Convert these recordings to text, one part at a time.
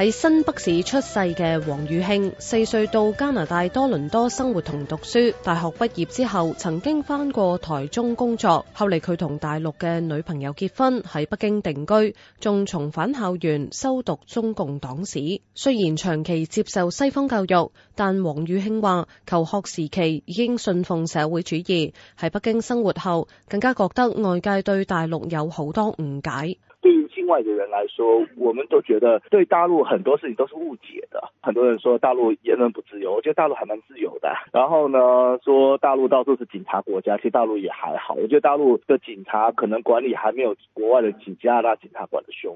喺新北市出世嘅王宇慶，四歲到加拿大多倫多生活同讀書，大學畢業之後曾經返過台中工作，後嚟佢同大陸嘅女朋友結婚，喺北京定居，仲重返校園修讀中共黨史。雖然長期接受西方教育，但王宇慶話求學時期已經信奉社會主義，喺北京生活後更加覺得外界對大陸有好多誤解。外的人來說，我們都覺得對大陸很多事情都是誤解的。很多人說大陸言論不自由，我覺得大陸還蠻自由的。然後呢，說大陸到處是警察國家，其實大陸也還好。我覺得大陸的警察可能管理還沒有國外的警加拿大警察管得兇。誒，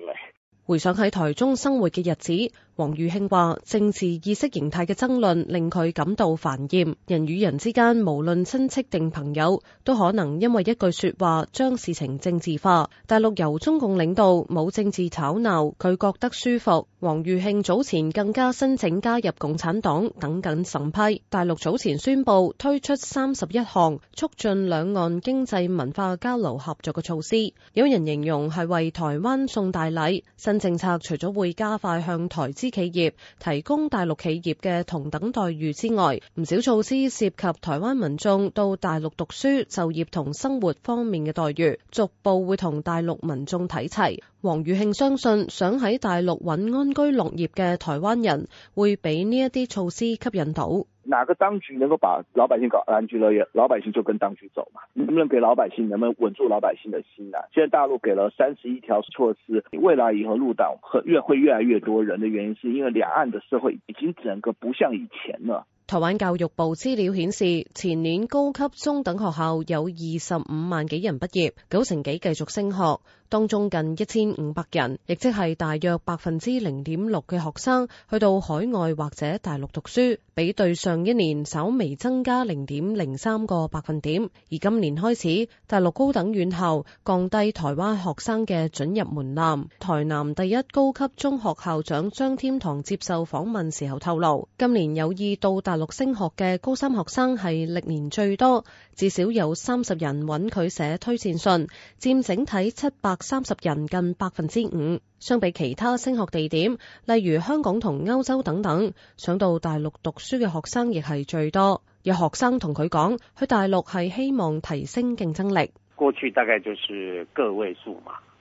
回想喺台中生活嘅日子。王裕慶話：政治意識形態嘅爭論令佢感到煩厭，人與人之間無論親戚定朋友，都可能因為一句說話將事情政治化。大陸由中共領導，冇政治吵鬧，佢覺得舒服。王裕慶早前更加申請加入共產黨，等緊審批。大陸早前宣布推出三十一項促進兩岸經濟文化交流合作嘅措施，有人形容係為台灣送大禮。新政策除咗會加快向台。企業提供大陸企業嘅同等待遇之外，唔少措施涉及台灣民眾到大陸讀書、就業同生活方面嘅待遇，逐步會同大陸民眾睇齊。黃宇慶相信，想喺大陸搵安居樂業嘅台灣人，會俾呢一啲措施吸引到。哪個當局能夠把老百姓搞安居樂業，老百姓就跟當局走嘛。能不能給老百姓，能不能穩住老百姓的心啊？現在大陸給了三十一條措施，未來以後入黨和越會越來越多人的原因，是因為兩岸的社會已經整個不像以前了台灣。台灣教育部資料顯示，前年高級中等學校有二十五萬幾人畢業，九成幾繼續升學。當中近一千五百人，亦即係大約百分之零點六嘅學生去到海外或者大陸讀書，比對上一年稍微增加零點零三個百分點。而今年開始，大陸高等院校降低台灣學生嘅准入門檻。台南第一高級中學校長張天堂接受訪問時候透露，今年有意到大陸升學嘅高三學生係歷年最多，至少有三十人揾佢寫推薦信，佔整體七八、三十人近百分之五，相比其他升學地點，例如香港同歐洲等等，想到大陸讀書嘅學生亦係最多。有學生同佢講，去大陸係希望提升競爭力。過去大概就是個位數嘛。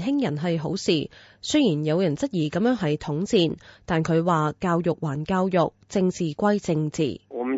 年輕人係好事，雖然有人質疑咁樣係統戰，但佢話教育還教育，政治歸政治。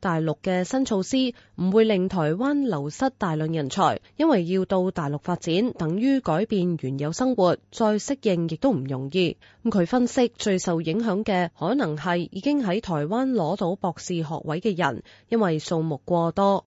大陸嘅新措施唔會令台灣流失大量人才，因為要到大陸發展，等於改變原有生活，再適應亦都唔容易。咁佢分析，最受影響嘅可能係已經喺台灣攞到博士學位嘅人，因為數目過多。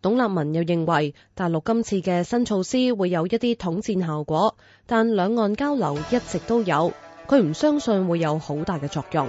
董立文又認為，大陸今次嘅新措施會有一啲統戰效果，但兩岸交流一直都有，佢唔相信會有好大嘅作用。